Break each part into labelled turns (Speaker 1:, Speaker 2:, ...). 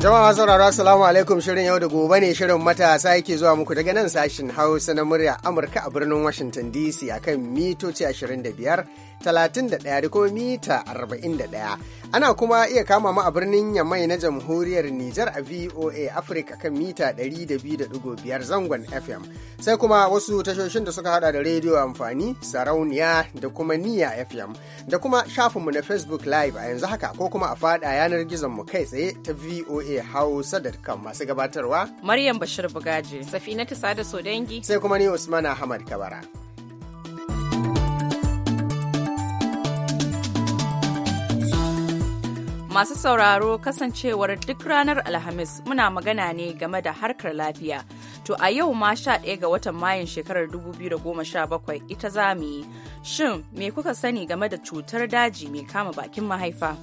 Speaker 1: Jama'a sauraro Assalamu alaikum shirin yau da gobe ne shirin matasa yake zuwa muku daga nan sashin Hausa na murya Amurka a birnin Washington DC akan mitoci 25 31 da kuma mita 41. Ana kuma iya kama mu a birnin Yamai na jamhuriyar Nijar a VOA Africa kan mita 200.5 zangon FM. Sai kuma wasu tashoshin da suka hada da rediyo amfani, sarauniya da kuma niya FM da kuma shafinmu na Facebook Live a yanzu haka ko kuma a fada yanar gizon mu kai tsaye ta VOA Hausa da kan masu gabatarwa.
Speaker 2: Maryam Bashir Bugaji, Safina Tisa da Sodangi.
Speaker 1: Sai kuma ni Usman Ahmad Kabara.
Speaker 2: masu sauraro kasancewar duk ranar Alhamis muna magana ne game da harkar lafiya. To a yau ma sha ɗaya ga watan Mayun shekarar 2017 ita za mu yi. Shin me kuka sani game da cutar daji mai kama bakin mahaifa?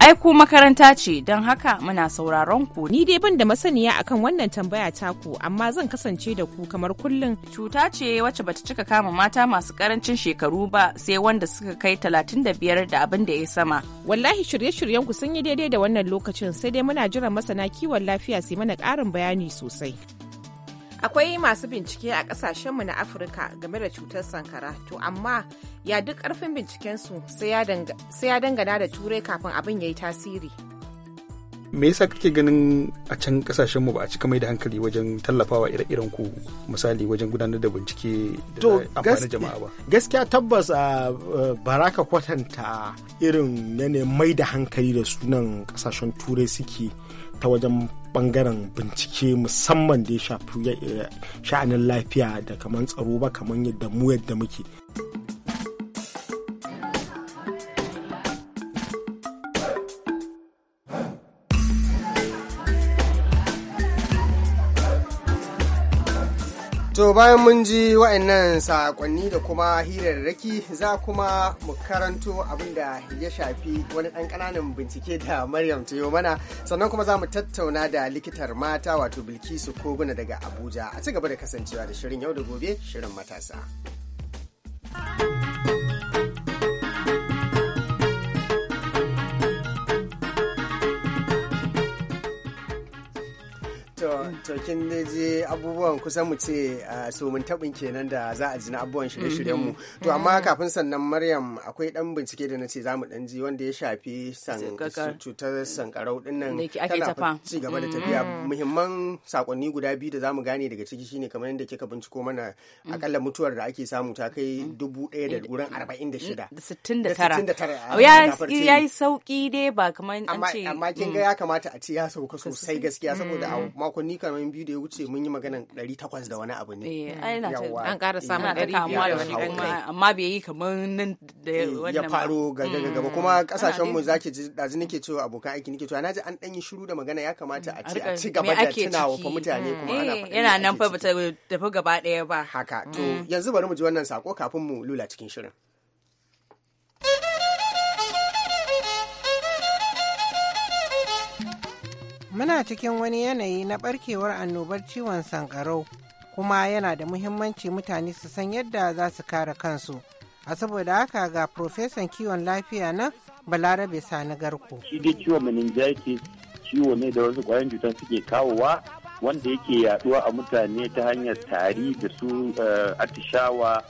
Speaker 2: aiko makaranta ce don haka muna sauraron ku. Ni dai ban da masaniya akan wannan tambaya taku amma zan kasance da ku kamar kullum. Cuta ce wacce bata cika kama mata masu karancin shekaru ba sai wanda suka
Speaker 3: kai talatin da biyar da abin da ya sama. Wallahi shirye-shiryen ku sun yi daidai da wannan lokacin sai dai muna jiran masana kiwon lafiya su mana ƙarin bayani sosai. akwai masu bincike a kasashenmu na afirka game da cutar sankara to amma ya duk karfin bincikensu sai ya dangana da turai kafin abin ya yi tasiri
Speaker 4: me yasa kake ganin a can kasashen ba a cika mai da hankali wajen tallafawa ire-iren ku
Speaker 5: misali wajen gudanar da bincike da amfani jama'a ba gaskiya tabbas a baraka kwatanta irin ne mai da hankali da sunan kasashen turai suke ta wajen bangaren bincike musamman da ya shafi eh, sha'anin lafiya da kamar tsaro ba kamar yadda mu yadda muke.
Speaker 1: To bayan mun ji wa'annan sakonni da kuma hirarraki za kuma mu karanto abin da ya shafi wani ɗan ƙananan bincike da Maryam ta yi mana sannan kuma za mu tattauna da likitar mata wato Bilkisu Koguna daga Abuja a ci gaba da kasancewa da shirin yau da gobe shirin matasa. wato kin je abubuwan kusan mu ce so mun tabin kenan da za a ji na abubuwan shirye-shiryen mu mm-hmm. to amma mm-hmm. kafin sannan Maryam akwai dan bincike da nace zamu dan ji wanda ya shafi cutar sankarau din nan tana ci gaba da tafiya mm-hmm. muhimman sakonni guda biyu da zamu gane daga ciki shine kamar yadda kika binciko mana mm. akalla mutuwar da ake samu ta kai dubu ɗaya da gurin arba'in da shida da
Speaker 2: sittin da tara ya yi sauki dai ba kamar an ce amma kin ga mm. ya kamata
Speaker 1: a ce ya sauka sosai gaskiya saboda a mm. makonni kamar awoyin biyu da ya wuce mun yi maganan ɗari takwas da wani
Speaker 2: abu ne. Eh, an ƙara samun ɗari kamuwa da wani kuma amma bai yi kamar nan da eh, wannan ya faro ga gaba mm. kuma ƙasashen mu
Speaker 1: zaki ji ɗazu nake cewa abokan aiki nake cewa na ji an ɗan yi shiru da magana ya kamata a mm. a ci gaba da tunawa fa mutane kuma ana eh, faɗin yana nan fa ba ta tafi
Speaker 2: gaba ɗaya ba. haka to mm.
Speaker 1: yanzu bari mu ji wannan sako kafin mu lula cikin shirin. Muna cikin wani yanayi na barkewar annobar ciwon sankarau kuma yana da muhimmanci mutane su san yadda za su kare kansu. A saboda haka ga Profesan kiwon lafiya na Balarabe Sani Garko.
Speaker 6: Shi dai ciwon meningitis ciwo ne da wasu kwayan cutar suke kawowa wanda yake yaduwa a mutane ta hanyar tari da su eh, atishawa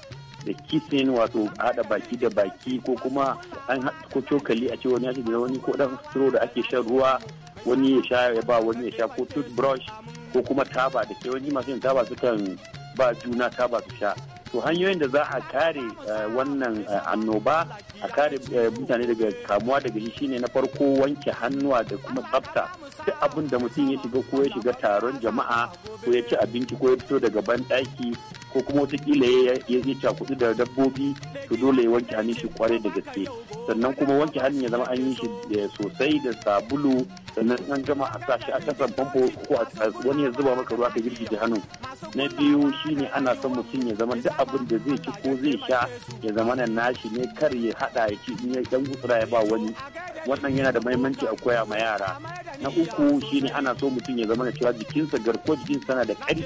Speaker 6: da kisin wato hada baki da baki ko kuma an ko cokali a ce wani ya da wani ko dan da ake shan ruwa wani ya sha ya ba wani ya sha ko toothbrush ko kuma taba da ke wani masu yin taba sukan ba juna taba su sha to hanyoyin da za a kare eh, wannan eh, annoba a kare eh, mutane daga kamuwa daga shi shine na farko wanke hannuwa da kuma tsafta duk abin da mutum ya shiga ko ya shiga taron jama'a ko ya ci abinci ko ya fito daga banɗaki ko kuma wataƙila ya je cakudu da dabbobi to dole ya wanke hannun shi kwarai da gaske sannan kuma wanke hannun ya zama an yi shi sosai da sabulu sannan an gama a sa shi a kasan famfo ko wani ya zuba maka ruwa ka girgije hannu na biyu shine ana son mutum ya zama duk abin da zai ci ko zai sha ya zama nan nashi ne kar ya hada ya ci in ya dan gutsura ya ba wani wannan yana da mahimmanci a koya ma yara na uku shine ana so mutum ya zama cewa jikinsa garko jikinsa sana da karfi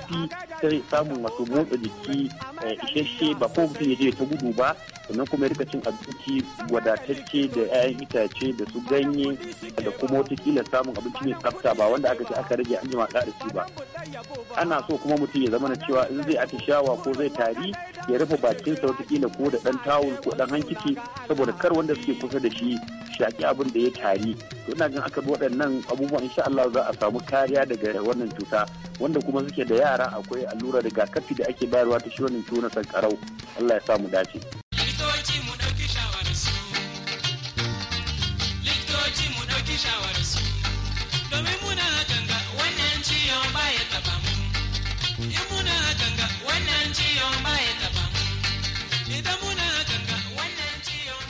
Speaker 6: sai samun wasu motsa jiki eh, isasshe ba ko mutum ya je ta gudu ba sannan kuma rika cin abinci wadatacce da 'ya'yan itace da su ganye da kuma watakila samun abinci mai tsafta ba wanda aka ce aka rage an jima shi ba ana so kuma mutum ya zama na cewa in zai atishawa ko zai tari ya rufe bakinsa watakila ko da ɗan tawul ko ɗan hankici saboda kar wanda suke kusa da shi shaki abin da ya tari to ina jin aka bi waɗannan abubuwan insha Allah za a samu kariya daga wannan cuta wanda kuma suke da yara akwai allura rigakafi da ake bayarwa ta shi wannan ciwo na sankarau Allah ya sa mu dace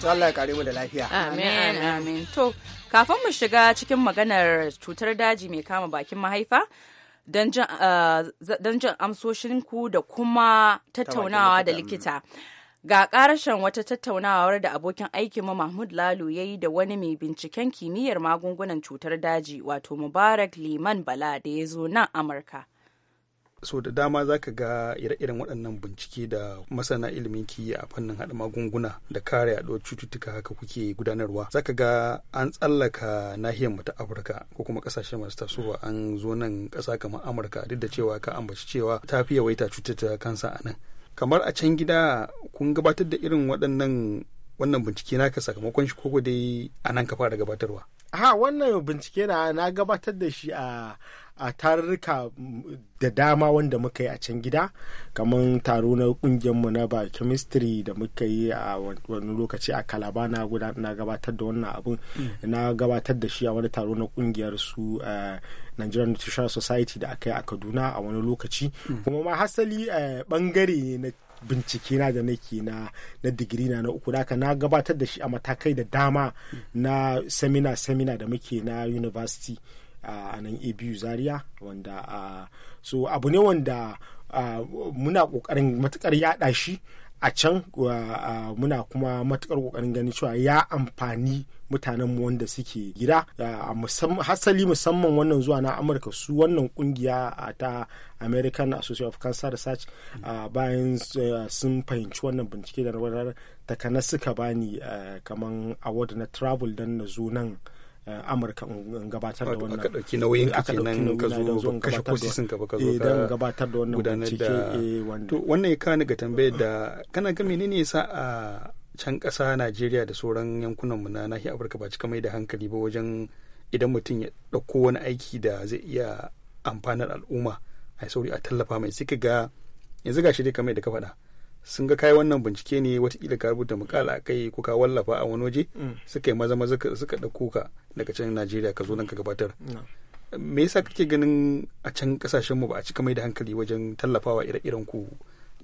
Speaker 2: to Allah ya kare mu da lafiya amin amin to kafin mu shiga cikin maganar cutar daji mai kama bakin mahaifa uh, don jin amsoshinku da kuma tattaunawa da likita ga ƙarashen wata tattaunawar da abokin aikinmu mahmud lalu ya yi da wani mai binciken kimiyyar magungunan cutar daji wato mubarak liman bala da ya zo nan amurka
Speaker 4: so da dama za ka ga ire-iren waɗannan bincike da masana ilimin ki a fannin haɗa magunguna da kare yaɗuwar cututtuka haka kuke gudanarwa za ka ga an tsallaka nahiyar mu ta afirka ko kuma ƙasashe masu tasowa an zo nan ƙasa kamar amurka duk da cewa ka ambaci cewa ta fi yawaita cututtuka kansa a nan kamar a can gida kun gabatar da irin waɗannan wannan bincike naka sakamakon shi koko dai a nan ka fara gabatarwa
Speaker 5: ha wannan bincike na na gabatar da shi a a tarurruka da dama wanda muka yi a can gida kamar taro na kungiyarmu na biochemistry da muka yi a wani lokaci a kalaba na gabatar da wannan abun mm. na gabatar da shi a wani taro na kungiyar su eh, Nigerian Nutritional Society da aka yi a Kaduna a wani lokaci mm. kuma ma hasali bangare eh, na bincike na da nake na na digiri na na uku haka na gabatar da shi a matakai da dama mm. na semina semina da muke na university a nan abu zaria wanda so abu ne wanda muna kokarin matukar yada shi a can muna kuma matukar kokarin ganin cewa ya amfani mutanenmu wanda suke gida a hasali musamman wannan zuwa na amurka su wannan kungiya ta american association of cancer research bayan sun fahimci wannan bincike da rawar takana suka bani kaman award na travel don na zo nan amurka gabatar da wannan aka dauki nauyin ka kenan ka eh, ka gabatar da wannan bincike eh,
Speaker 4: wanda to wannan ya kawo ga tambayar da kana ga menene yasa a can ƙasa Najeriya da sauran yankunan mu na nahiyar Afirka ba cika mai da hankali ba wajen idan mutum ya ɗauko wani aiki da zai iya amfanar al'umma a sauri a tallafa mai sai ga yanzu gashi dai kamar da ka faɗa sun ga kai wannan bincike ne watakila ka rubuta mukala a kai ko ka wallafa a wani waje mm. suka yi maza maza suka da ka daga can najeriya ka zo nan ka gabatar me yasa kake ganin a can kasashen mu ba a cika mai da hankali wajen tallafawa ire-iren ku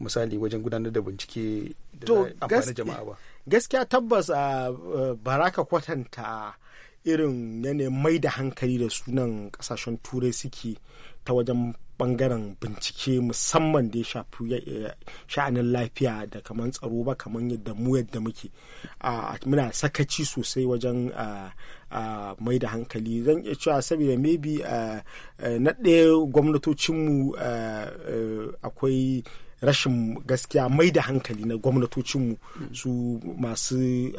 Speaker 4: misali wajen gudanar da bincike
Speaker 5: da amfani jama'a ba gaskiya tabbas a baraka kwatanta irin yanayin mai da hankali da sunan kasashen turai suke ta wajen bangaren bincike musamman da ya shafi eh, sha'anin lafiya da kaman tsaro ba kaman yadda mu yadda muke a muna sakaci sosai wajen mai da hankali zan iya cewa saboda maybe na ɗaya gwamnatocinmu akwai rashin gaskiya mai da hankali na gwamnatocinmu su masu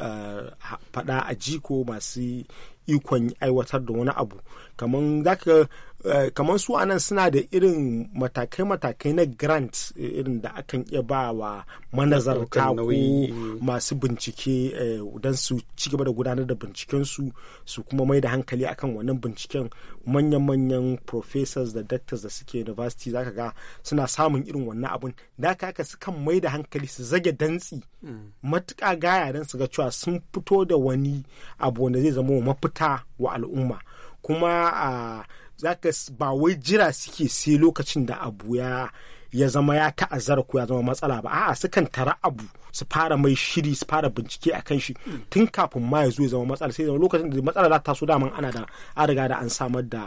Speaker 5: faɗa a jiko masu ikon aiwatar da wani abu kamar zaka Eh, kamar su anan suna da irin matakai-matakai na grant eh, irin da akan iya ba wa manazarta ko eh. masu bincike don su ci gaba da gudanar da bincikensu su kuma mai da hankali akan wannan binciken manyan-manyan professors da doctors da suke university zaka ga suna samun irin wannan abun da aka haka sukan mai da hankali su zage dantsi mm. matuka gaya don su ga cewa sun fito da wani abu wanda zai zama mafita wa al'umma kuma a ah, zaka ba wai jira suke sai lokacin da abu ya ya zama ya ta'azzara ko ya zama matsala ba a'a sukan tara abu su fara mai shiri su fara bincike a kan shi hmm. tun kafin ma ya zo ya zama matsala sai lokacin da matsala za ta so daman ana da an riga da an samar da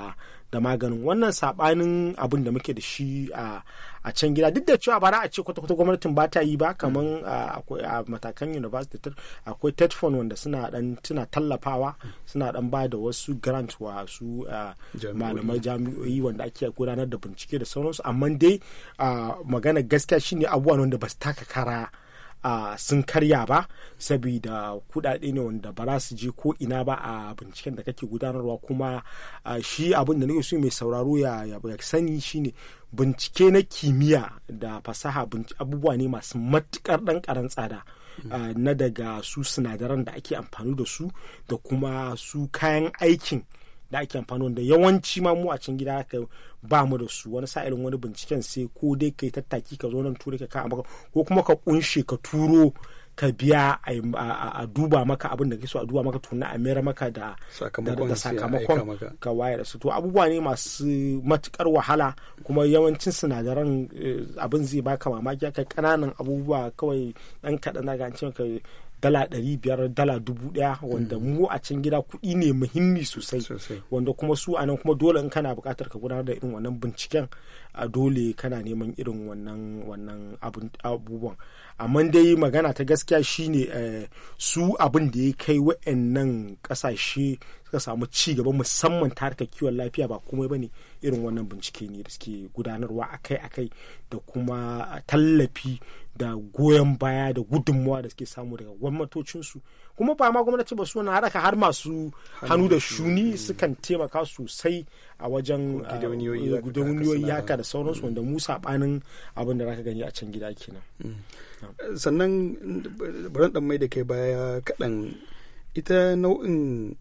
Speaker 5: da maganin wannan sabanin abin da muke da shi a a can gida duk da cewa ba bara a ce kwata-kwata gwamnatin ba ta yi ba kamar a matakan university akwai tetfon wanda suna dan suna tallafawa suna dan ba da wasu grant wa su malamai jami'o'i wanda ake gudanar da bincike da sauransu amma dai magana gaskiya shine abubuwan wanda ba su taka kara a sun karya ba saboda kudade ne wanda ba za su je ko ina ba a binciken da kake gudanarwa kuma shi abin da nake so mai sauraro ya, ya, ya sani shine bincike na kimiyya da fasaha abubuwa ne masu matukar dan karan tsada na daga su sinadaran da ake amfani da su da kuma su kayan aikin da ake amfani da yawanci ma mu a cikin gida haka ba mu da su wani sa'irin wani binciken sai ko dai kai tattaki ka zo nan turai ka ka ko kuma ka kunshe ka turo ka biya a duba maka abin da so a duba maka tunan a mera maka da sakamakon ka wayar su to abubuwa ne masu matukar wahala kuma yawancin sinadaran eh, abin zai baka mamaki kai kananan abubuwa kawai dan kaɗan daga an ce dala ɗari biyar dala dubu ɗaya wanda mm. mu a can gida kuɗi ne muhimmi sosai wanda kuma su anan kuma dole in kana buƙatar ka gudanar da irin wannan binciken a dole kana neman irin wannan wannan abubuwan amma dai magana ta gaskiya shine eh, su abin da ya kai wa'annan kasashe suka samu ci gaba musamman ta harkar kiwon lafiya ba komai bane irin wannan bincike ne da suke gudanarwa akai-akai da kuma tallafi da goyon baya da gudunmawa da suke samu daga gwamnatocinsu kuma ba ma gwamnati ba su na haraka har masu hannu da shuni eh. sukan taimaka sosai a wajen gidauniyoyi ah, haka da sauransu mm. wanda mu banin abin da zaka gani a can gida kenan
Speaker 4: mm. sannan baran dan mai da kai baya kaɗan ita nau'in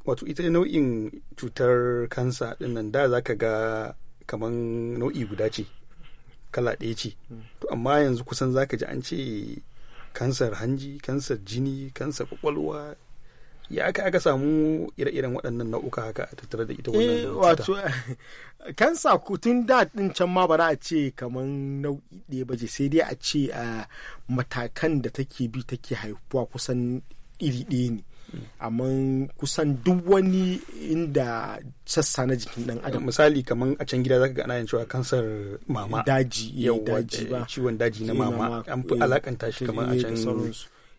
Speaker 4: wato ita nau'in cutar kansa dinnan da zaka ga kaman nau'i guda ce kala ɗaya ce mm. to amma yanzu kusan zaka ji an ce kansar hanji kansar jini kansar kwakwalwa ya aka aka samu ire-iren waɗannan nau'uka haka a tattare da ita wannan eh, wato
Speaker 5: kansa tun da din can ma ba za a ce kamar nau'i ɗaya ba sai dai a ce a ah, matakan da take bi take haifuwa kusan iri ɗaya ne amma kusan duk wani inda sassa na jikin dan adam
Speaker 4: misali kamar a can gida zaka ga ana yin cewa kansar mama daji eh, daji eh, ciwon daji na eh, mama an fi alakanta shi kamar a can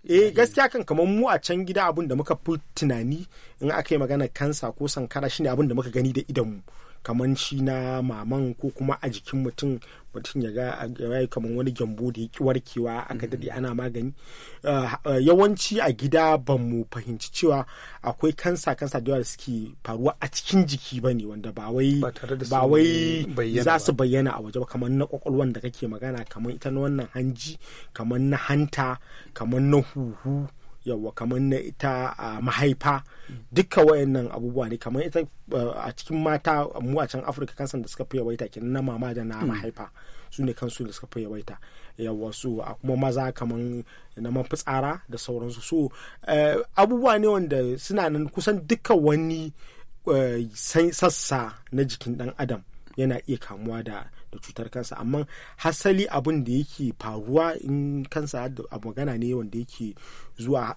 Speaker 5: eh gaskiya kan kamar mu a can gida abin da muka fi tunani in aka yi magana kansa ko sankara shine abin da muka gani da idanmu kamanci na maman ko kuma a jikin mutum mutum ya ga kamar wani gyambo da ya ki warkewa aka daɗe mm-hmm. ana magani ah, ah, yawanci a gida ban mu fahimci cewa akwai kansa kansa da da suke faruwa a cikin jiki ba ne wanda ba wai ba wai za su bayyana a waje ba kamar na kwakwalwan da kake magana kamar ita na wannan hanji kamar na hanta kamar na huhu yawa kamar na ita a mahaifa duka wayannan abubuwa ne kamar ita a cikin mata mu a can afirka kansan da suka fi yawaita kenan na mama da na mm. mahaifa su ne kansu da suka fi yawaita yawa su a kuma maza kamar na mafitsara da sauransu so eh, abubuwa ne wanda suna nan kusan duka wani eh, sassa na jikin dan adam yana iya kamuwa da da cutar kansa amma hasali abin da yake faruwa in kansa a magana ne wanda yake zuwa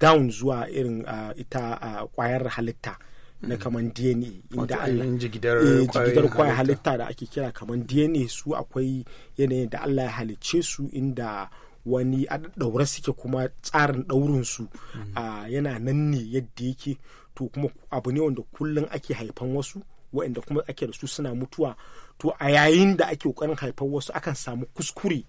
Speaker 5: down zuwa irin ita kwayar halitta na mm-hmm. kaman dna inda allah jigidar eh, kwayar halitta da ake kira kaman dna su akwai yanayin da allah ya halicce su inda wani a daure suke kuma tsarin su mm-hmm. yana nan ne yadda yake to kuma abu ne wanda kullum ake haifan wasu waɗanda kuma ake da su suna mutuwa to a yayin da ake ƙoƙarin haifar wasu akan samu kuskure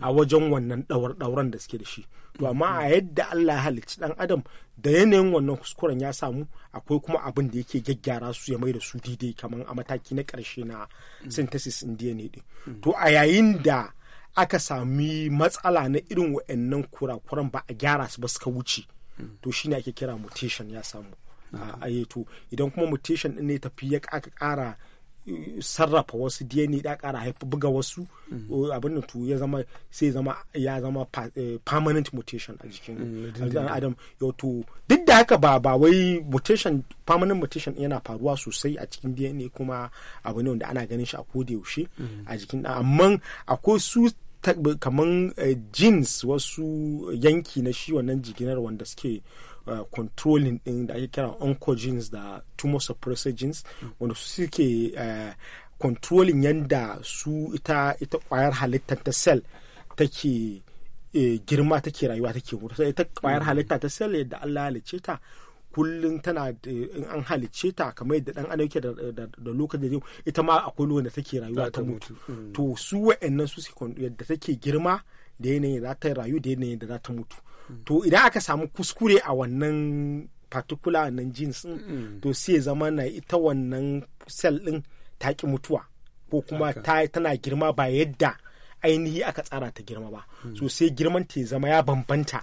Speaker 5: a wajen wannan ɗauren da suke da shi to amma a yadda Allah ya halicci ɗan adam da yanayin wannan kuskuren ya samu akwai kuma abin da yake gyaggyara su ya mai da su daidai kamar a mataki na ƙarshe na synthesis in DNA ɗin to a yayin da aka sami matsala na irin wa'annan kurakuran ba a gyara su ba suka wuce to shine ake kira mutation ya samu a idan kuma mutation din ne tafi ya ƙara uh, sarrafa wasu dna da ƙara haifa buga wasu uh, abin da to ya zama sai zama ya zama uh, permanent mutation a jikin mm, adam yau to duk da haka ba ba wai mutation permanent mutation yana faruwa sosai a cikin dna kuma abu ne wanda ana ganin shi a koda yaushe mm. a jikin amma akwai su kamar jeans wasu yanki na shi wannan jiginar wanda suke Uh, controlling din da ake kira oncogenes da tumor suppressor genes wanda suke uh, controlling yanda su ita ita kwayar halittar ta cell take eh, girma take rayuwa take mutu sai ita kwayar mm. halitta ta cell yadda Allah ya halice ta kullum tana in an halicce ta kamar yadda dan adam yake da lokacin da ita ma akwai lokacin da take rayuwa ta mutu mm. to su wa'annan su yadda take girma da yanayin da za ta rayu da yanayin da za ta mutu to idan aka samu kuskure a wannan particular wannan jeans din mm. to sai zama na ita wannan cell din ta ki mutuwa ko kuma tana girma ba yadda ainihi aka tsara ta girma ba mm. so sai girman ta zama ya bambanta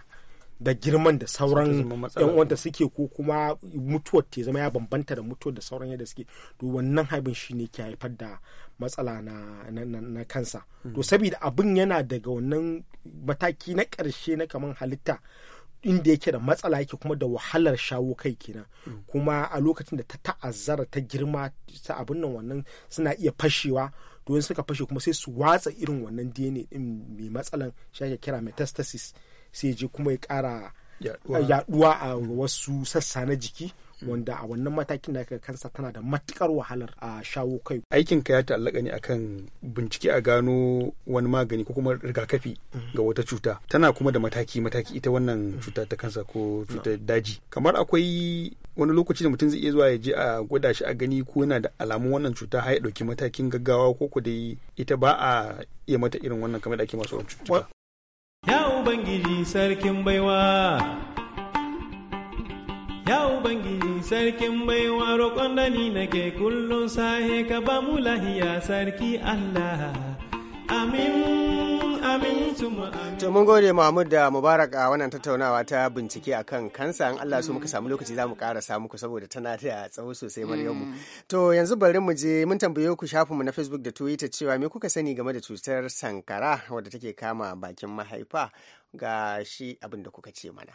Speaker 5: da girman da sauran yan wanda suke ko kuma mutuwar te zama ya bambanta da mutuwar da sauran yadda suke to wannan haibin shi ne ke haifar da matsala na, kansa to hmm. saboda abin yana daga wannan mataki na karshe na kaman halitta inda yake da matsala yake kuma da wahalar shawo kai kenan hmm. kuma a lokacin da ta ta'azzara ta girma ta abin nan wannan suna iya fashewa to suka fashe kuma sai su watsa irin wannan dna din mai matsalan shi ake kira metastasis sai je kuma ya kara yaduwa eh, a wasu sassa na jiki wanda a wannan matakin da kansa tana da matukar wahalar a shawo kai
Speaker 4: aikin ka ya ta'allaka ne akan bincike a gano wani magani ko kuma rigakafi mhm. ga wata cuta tana kuma da mataki mataki ita wannan mhm. cuta ta kansa ko cutar daji kamar akwai wani lokaci da mutum zai iya zuwa ya je a gwada shi a gani ko yana da alamun wannan cuta har ya dauki matakin gaggawa ko ku dai ita ba a iya mata irin wannan kamar da ake masu
Speaker 5: cuta Ya Ubangiji sarkin baiwa, Ya Ubangiji sarkin baiwa roƙon da ni nake kullum sahe ka ba mu lahiya sarki Allah.
Speaker 1: To mun gode Muhammad da Mubarak a wannan tattaunawa ta bincike akan kansa in Allah su muka samu lokaci za mu samu ku saboda tana da tsawo sosai Maryamu. Mm. To yanzu bari mu je mun tambaye ku shafin mu na Facebook da Twitter cewa me kuka sani game da cutar sankara wadda take kama bakin mahaifa ga shi abin da kuka ce mana.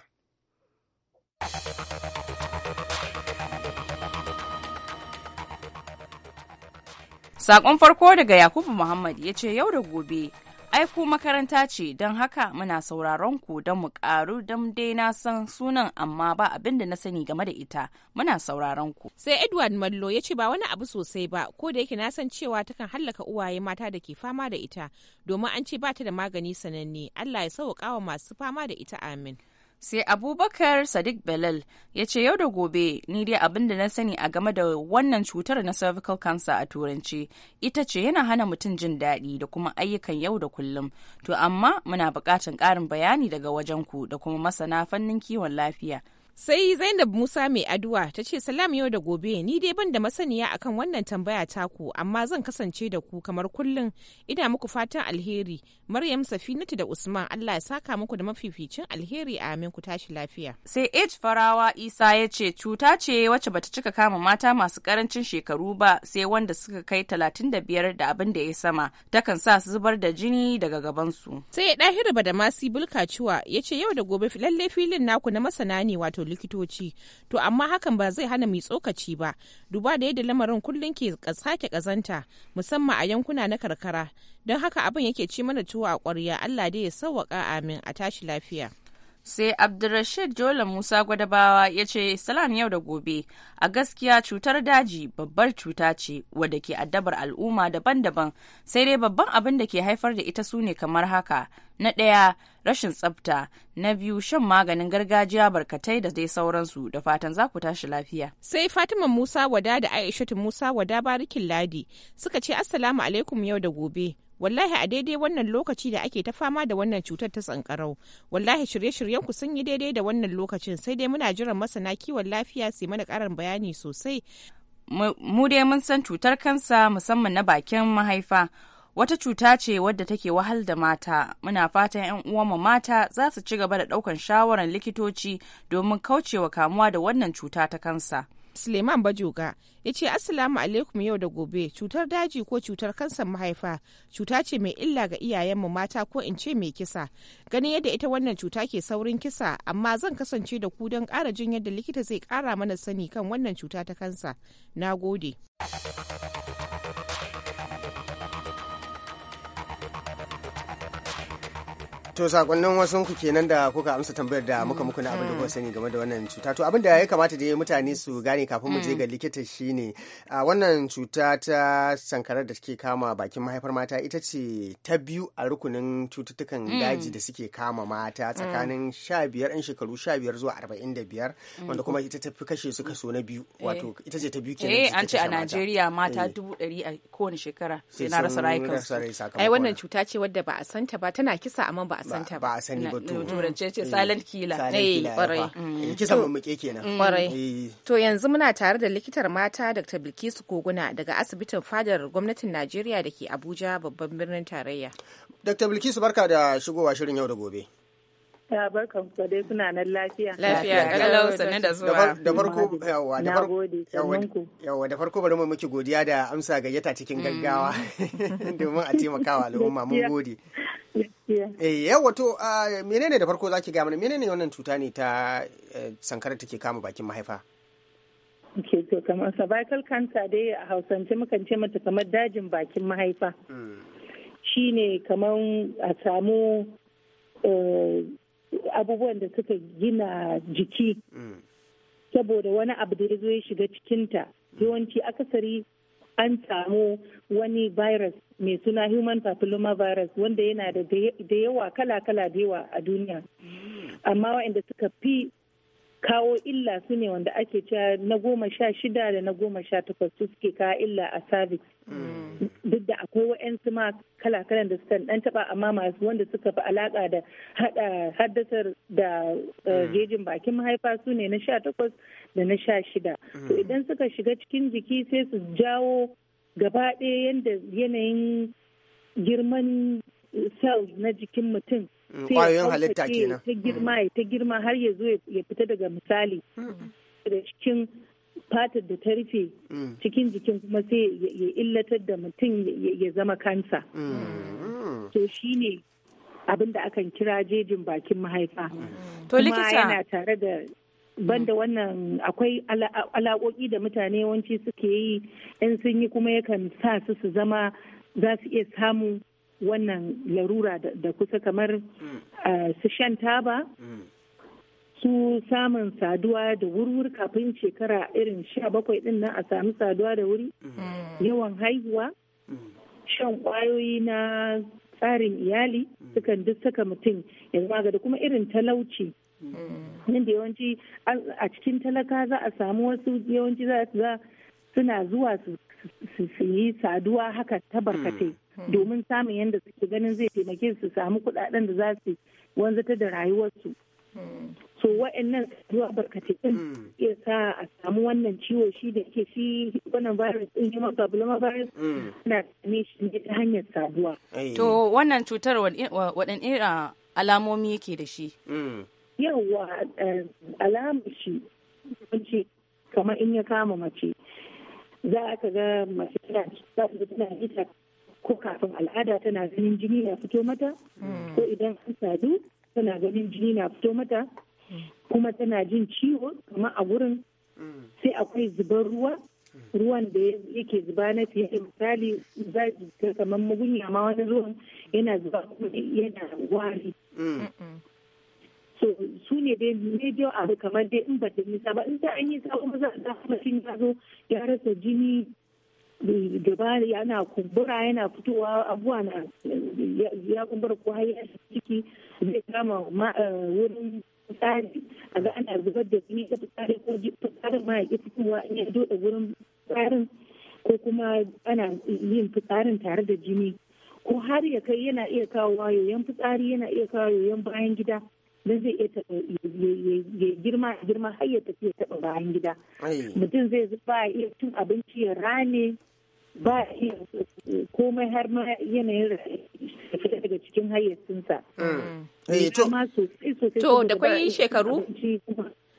Speaker 2: Sakon farko daga Yakubu Muhammad ya ce yau da gobe aiku makaranta ce don haka muna sauraron ku don mu karu don dai na san sunan
Speaker 3: amma ba abin da na sani game da ita muna sauraron ku sai edward mallo ya ce ba wani abu sosai ba ko da yake na san cewa takan hallaka uwaye mata da ke fama da ita domin an ce ba ta da magani sananne allah ya sauƙa wa masu fama da ita amin sai abubakar
Speaker 2: sadiq belal ya ce yau da gobe ni dai abin da na sani a game da wannan cutar na cervical cancer a turanci ita ce yana hana mutum jin daɗi da kuma ayyukan yau da kullum to amma muna buƙatar ƙarin bayani daga wajen ku da kuma masana fannin kiwon lafiya
Speaker 3: Sai Zainab Musa mai aduwa ta ce salam yau da gobe ni dai ban da masaniya akan wannan tambaya taku amma zan kasance da ku kamar kullum ina muku fatan alheri Maryam Safinatu da Usman Allah ya saka muku da mafificin alheri a amin ku tashi lafiya. Sai H Farawa Isa ya ce cuta ce wacce bata cika kama mata masu karancin shekaru ba sai wanda suka kai talatin da biyar da abin da ya sama takan sa su zubar da jini daga gaban su Sai ya Dahiru Badamasi bulkacuwa ya ce yau da gobe lallai filin naku na masana ne wato likitoci to amma hakan ba zai hana mai tsokaci ba duba da yadda lamarin kullum ke sake kazanta musamman a yankuna na karkara don haka abin yake ci mana tuwo a kwarya allah dai ya sauwaka amin a tashi lafiya sai abdulrashid jola musa
Speaker 2: gwadabawa ya ce salam yau da gobe a gaskiya cutar daji babbar cuta ce wadda ke addabar al'umma daban-daban sai dai babban abin da ke haifar da ita su ne kamar haka na ɗaya rashin tsafta na biyu shan maganin gargajiya barkatai da
Speaker 3: dai sauransu da fatan za ku tashi lafiya sai fatima musa wada da aishatu musa wada barikin ladi suka ce assalamu alaikum yau da gobe wallahi a daidai wannan lokaci da ake ta fama da wannan cutar ta tsankarau wallahi shirye shiryen ku sun yi daidai da wannan lokacin sai dai muna jiran masana kiwon lafiya su mana karin bayani sosai mu dai mun san
Speaker 2: cutar kansa musamman na bakin mahaifa wata cuta ce wadda take wahal da mata muna fatan 'yan uwanmu mata za su ci gaba da daukan shawaran likitoci domin
Speaker 3: kaucewa kamuwa da wannan cuta ta kansa Suleiman Bajoga ya ce Assalamu alaikum yau da gobe cutar daji ko cutar kansar mahaifa cuta ce mai illa ga iyayenmu mata ko in ce mai kisa ganin yadda ita wannan cuta ke saurin kisa amma zan kasance da ku don ƙara jin yadda likita zai ƙara mana sani kan wannan cuta ta kansa na gode.
Speaker 1: To sakonnin wasu ku kenan da kuka amsa tambayar da muka muku na abin da kuka sani game da wannan cuta. To abin da ya kamata da mutane su gane kafin mu je mm. ga likita shine a wannan cuta ta sankarar da take kama bakin mahaifar mata ita ce ta biyu a rukunin cututtukan mm. daji da suke kama mata mm. tsakanin 15 an shekaru 15 zuwa 45 wanda kuma ita ta fi kashe su kaso na biyu eh. wato ita ce ta biyu kenan. Eh an ce a Najeriya
Speaker 3: mata eh. dubu a kowane shekara sai na rasa rayukansu. Ai wannan cuta ce wadda ba a santa ba tana kisa amma ba a san ta ba a sani ba to mm. turance ce mm. silent killer mm. eh kwarai kisa
Speaker 1: muke kenan kwarai
Speaker 3: to yanzu muna tare da likitar mata Dr. Bilkisu Koguna daga asibitin fadar gwamnatin Najeriya dake Abuja babban birnin tarayya Dr. Bilkisu
Speaker 1: barka da shigowa shirin yau da gobe
Speaker 3: Ya bar kamfani suna nan lafiya.
Speaker 7: Lafiya
Speaker 1: kalau sanne da zuwa. Da farko da farko bari mu miki godiya da amsa gayyata cikin gaggawa domin a taimakawa al'umma mun gode. Eh yawa to menene da farko zaki ga mana menene wannan cuta ne ta eh, sankara take kama bakin mahaifa?
Speaker 7: Ke to kamar cervical cancer dai a Hausance mukan ce mata kamar dajin bakin mahaifa. Hmm. Shi ne kamar a samu eh, abubuwan da suka gina jiki hmm. saboda wani abu da ya zo ya shiga cikinta hmm. yawanci akasari an samu wani virus mai suna human papilloma virus wanda yana da yawa kala-kala da yawa a duniya amma waɗanda suka fi kawo illa su ne wanda ake cewa na goma sha shida da na goma sha takwas su suke kawo illa a cervix duk da akwai wa'yansu ma kala-kalan da suka dan taba amma masu wanda suka fi alaka da haddasar da gejin eh, mm. bakin mahaifa su ne na sha takwas da na sha shida mm. to idan suka shiga cikin jiki sai su jawo gaba ɗaya yadda yanayin girman cells na jikin mutum
Speaker 8: kwayoyin halitta kenan ta girma
Speaker 7: ta girma har ya zo ya fita daga misali da cikin fatar da ta rufe mm. cikin jikin kuma sai ya illatar da mutum ya zama kansa mm. to shine abin da akan kira jejin bakin mahaifa kuma yana tare da banda wannan akwai alaƙoƙi da mutane yawanci suke yi in sun yi kuma yakan sa su su zama za su iya samu wannan larura da kusa kamar mm. eh, su shan taba mm. su samun saduwa da wurwur kafin shekara irin sha bakwai din nan a sami saduwa da wuri mm. yawan haihuwa shan kwayoyi na tsarin iyali sukan duk saka mutum ya zama ga da kuma irin talauci yadda yawanci a cikin talaka za a samu wasu yawanci za suna zuwa su yi saduwa haka ta barkatai hmm. Hmm. domin samun yadda suke ganin zai taimake su samu kudaden da za su wanzata da rayuwarsu hmm. so wa'annan saduwa barkatai din iya sa a samu wannan ciwo shi da ke shi wannan virus din human
Speaker 2: papilloma virus na ne shi ne
Speaker 7: ta hanyar saduwa
Speaker 2: to wannan cutar waɗannan alamomi yake da shi yawa eh, alamar
Speaker 7: shi mace kamar in ya kama mace za ka ga mace tana ita ko kafin al'ada tana ganin jini na fito mata hmm. ko idan an sadu tana ganin jini na fito mata kuma tana jin ciwo kamar a gurin hmm. sai akwai zubar ruwa ruwan da yake zuba na fiye da misali kamar mugunya ma wani ruwan yana zuba yana wari hmm. so su ne dai major abu kamar dai in ba ta nisa ba in ta an yi sabon kuma za a mutum ya zo ya rasa jini gaba yana kumbura yana fitowa abuwa na ya kumbura ko ya ciki zai kama eh, wurin fitsari a ga ana zubar da jini ta fitsari ko fitsarin ma ya fitowa in ya doda wurin fitsarin ko kuma ana yin fitsarin tare da jini ko har ya kai yana iya kawo yoyon fitsari yana iya kawo yoyon bayan gida da zai iya ya girma girma har ya tafi ya taɓa bayan gida mutum zai ba iya cin abinci ya rame ba a iya komai har ma yanayin fita daga cikin hayyacinsa.
Speaker 8: Mm. Mm.
Speaker 7: Eh,
Speaker 1: to, da kwayoyin
Speaker 3: shekaru?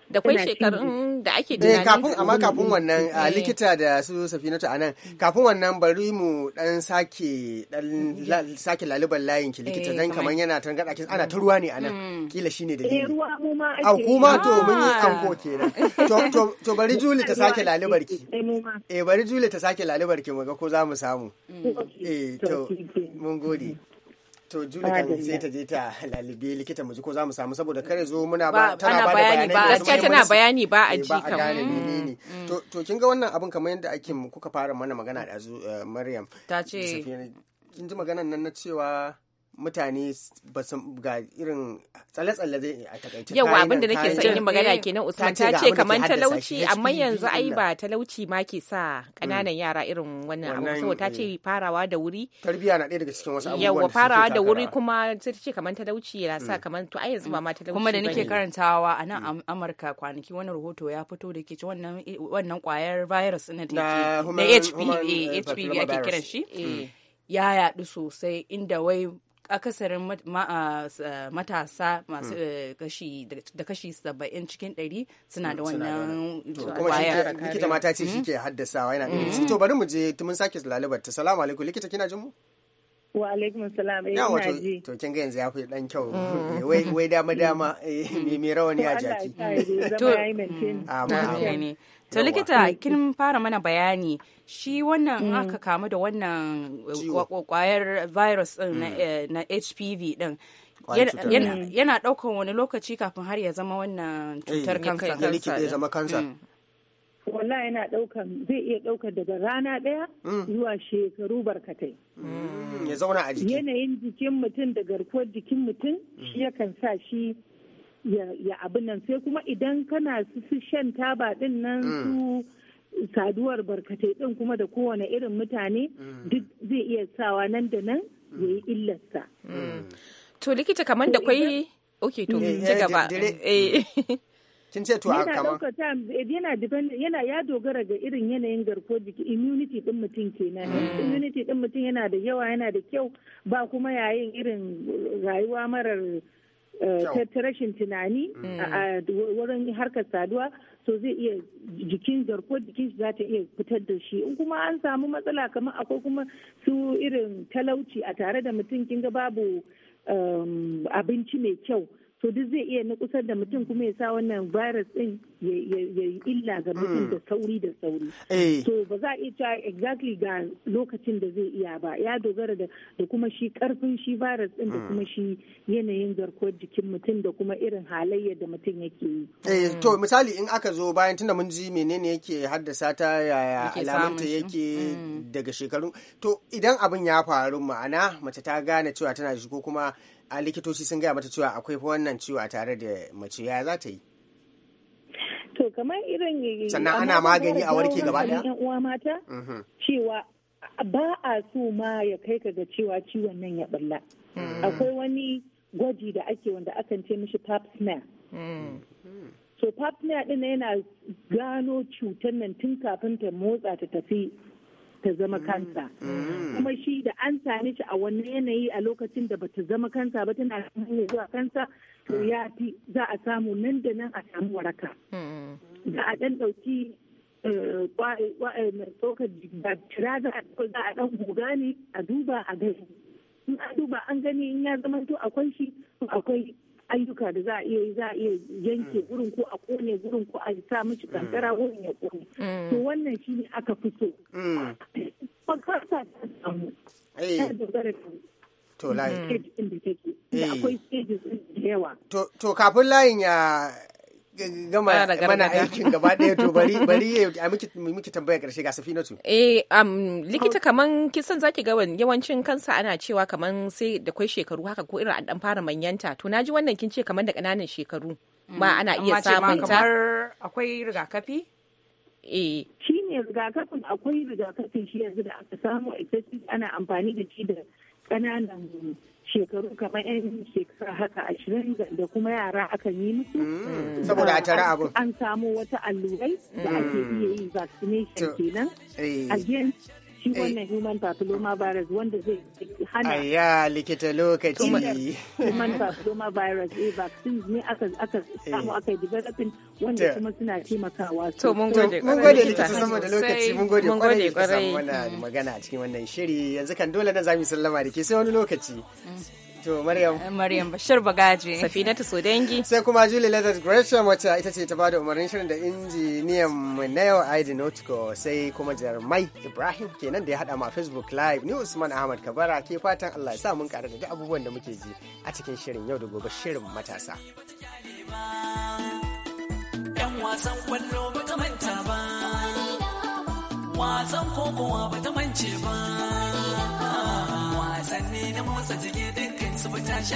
Speaker 3: da kwai shekarun da ake eh, tunani kafin amma kafin
Speaker 1: wannan eh, likita da su safinatu anan mm. kafin wannan bari mu dan sake dan mm. sake laliban layin ki likita eh, dan kaman yana tangada ki ana mm. ta ruwa ne anan kila shine da ruwa
Speaker 8: mu ma ake kuma to mun yi ah. anko
Speaker 1: kenan to to to bari Juli ta sake lalibar ki eh bari Juli ta sake lalibar ki mu ga ko za mu samu eh to mun gode to juli kan sai ta je ta lalibe likita mu ji ko zamu samu saboda kare zo muna ba tana ba bayani ba gaskiya tana bayani ba a eh, ji kam mm, mm. to to kin ga wannan abin kamar yadda ake kuka fara mana magana da eh, Maryam ta ce kin ji maganan nan na cewa mutane ba su ga irin tsale-tsale zai a takaice yau abin da nake son yin magana eh, kenan usman ta ce kamar talauci amma yanzu ai
Speaker 3: ba talauci ma ke sa kananan mm. yara irin wannan abu saboda ta ce eh. farawa da wuri
Speaker 1: tarbiya na daya daga cikin wasu abubuwan yau farawa da wuri
Speaker 3: kuma sai ta ce kamar talauci ya sa mm. kamar to ai yanzu ba ma talauci kuma da nake karantawa a nan mm. Amurka kwanaki
Speaker 2: wani rahoto ya fito da ke ci wannan wannan kwayar virus na da HPV eh, ake kiran shi ya yaɗu sosai inda wai akasarin matasa masu hmm. eh, da kashi saba'in cikin ɗari suna
Speaker 7: da hmm, wannan kwaya. Likita mata ce shi hmm? ke
Speaker 1: haddasawa yana da To bari mu je mun sake lalibar ta. Salamu alaikum likita kina jin mu?
Speaker 7: wa alaikum salam eh ina
Speaker 1: ji to kin ga yanzu ya fi dan kyau eh, wai wai dama dama eh, me me rawani a jaki
Speaker 2: to amma to ah, likita kin fara mana bayani shi wannan aka mm. kamu da wannan uh, kwayar virus din na mm. hpv eh, din yana daukan mm. wani lokaci kafin har ya zama wannan eh, cutar kansa ya zama kansa wallahi yana daukan zai iya daukar daga rana daya
Speaker 7: zuwa shekaru barkatai ya zauna a jiki yanayin jikin mutum da garkuwar jikin mutum shi yakan sa shi ya abin nan sai kuma idan kana su shan taba din nan su saduwar barkatai din kuma da kowane irin mutane mm. duk zai iya sawa nan da nan ya yi mm. illarsa.
Speaker 8: Mm.
Speaker 3: To likita kamar da kwai oke to
Speaker 7: ci gaba. yana eh, yana ya dogara ga irin yanayin garkuwar jiki immunity din mutum kenan immunity din mutum yana da yawa yana da kyau ba kuma yayin irin rayuwa marar eh, ta rashin tunani a wurin harkar saduwa to zai iya jikin garkuwar jikin shi za ta iya fitar da shi in kuma an samu matsala kamar akwai kuma su irin talauci a tare da mutum kin ga babu um, abinci mai kyau to duk zai iya nukusar da mutum kuma ya sa wannan virus din ya yi illa ga hmm. mutum da sauri da sauri eh. to ba za a iya cewa exactly ga lokacin da zai iya ba ya dogara da kuma shi karfin shi virus din da hmm. kuma shi yanayin garkuwar jikin mutum da kuma irin halayya da mutum yake yi eh hmm. to misali
Speaker 1: in aka zo bayan tunda mun ji menene yake haddasa ta yaya alamanta yake daga shekaru to idan abin ya faru ma'ana mace ta gane cewa tana shi ko kuma a likitoci sun gaya mata cewa akwai wannan ciwo a tare da mace ya za ta yi
Speaker 7: to kamar irin sannan ana magani a warke gaba da uwa mata mhm. cewa ba a so ma ya kai ka ga cewa ciwon nan ya balla mm. akwai wani gwaji da ake wanda akan ce mishi pap smear mm. so pap smear din yana gano cutar nan tun kafin ta motsa ta tafi ta zama kansa mm. kuma shi da an same shi a wannan yanayi a lokacin da bata zama kansa ba tana hanyar zuwa kansa to mm. ya fi za a samu nan da nan a samu waraka da a dan dauki tsokar jira za a dan eh, eh, guga ne a duba a gani in a duba an gani in ya zama to akwai shi akwai ayyuka da za a iya za a iya yanke gurin ko a kone gurin ko a sa mishi kankara wurin ya kone mm. to wannan shi ne aka fito so mm. ta samu eh. ta dogara
Speaker 1: to layin eh. da akwai stages da yawa to kafin layin ya gama mana aikin gaba ɗaya to bari bari a miki miki tambaya karshe ga Safinatu
Speaker 3: eh um, likita kaman san zaki ga yawancin kansa ana cewa kaman sai da kwai shekaru haka ko irin an dan fara manyanta to naji wannan kin ce kaman da kananan shekaru mm, ma ana iya samun ta kamar akwai rigakafi eh shine rigakafin akwai rigakafin shi yanzu
Speaker 7: da aka samu ita ana amfani da shi da kananan shekaru kamar yan shekara haka ashirin da kuma yara aka yi musu. Mm. Saboda a tara abu. An samu wata allurai da ake mm. iya yi vaccination kenan. Eh. Against shi eh. wannan human papilloma virus wanda zai hana aya
Speaker 1: likita lokaci
Speaker 7: human papilloma virus a eh, vaccines ne aka samu eh. aka developing wanda kuma suna taimakawa to mun gode mun gode likita sama da lokaci mun gode kwarai da samu
Speaker 1: magana cikin wannan shiri yanzu kan dole na zamu sallama da ke sai wani lokaci
Speaker 7: mm.
Speaker 1: To Maryam. Eh,
Speaker 2: Maryam Bashir Bagaji. Safinatu
Speaker 1: Sai kuma Julie Leathers Gresham wacce ita ce ta ba da umarnin shirin da injiniyan mu na yau sai kuma Jarmai Ibrahim kenan da ya hada ma Facebook Live ni Usman Ahmad Kabara ke fatan Allah ya sa mun karu da abubuwan da muke ji a cikin shirin yau da gobe shirin matasa.
Speaker 8: Yan wasan kwallo ba ta manta ba. Wasan kokowa ba ta mance ba. wasanni na motsa jiki dinkin su fita sha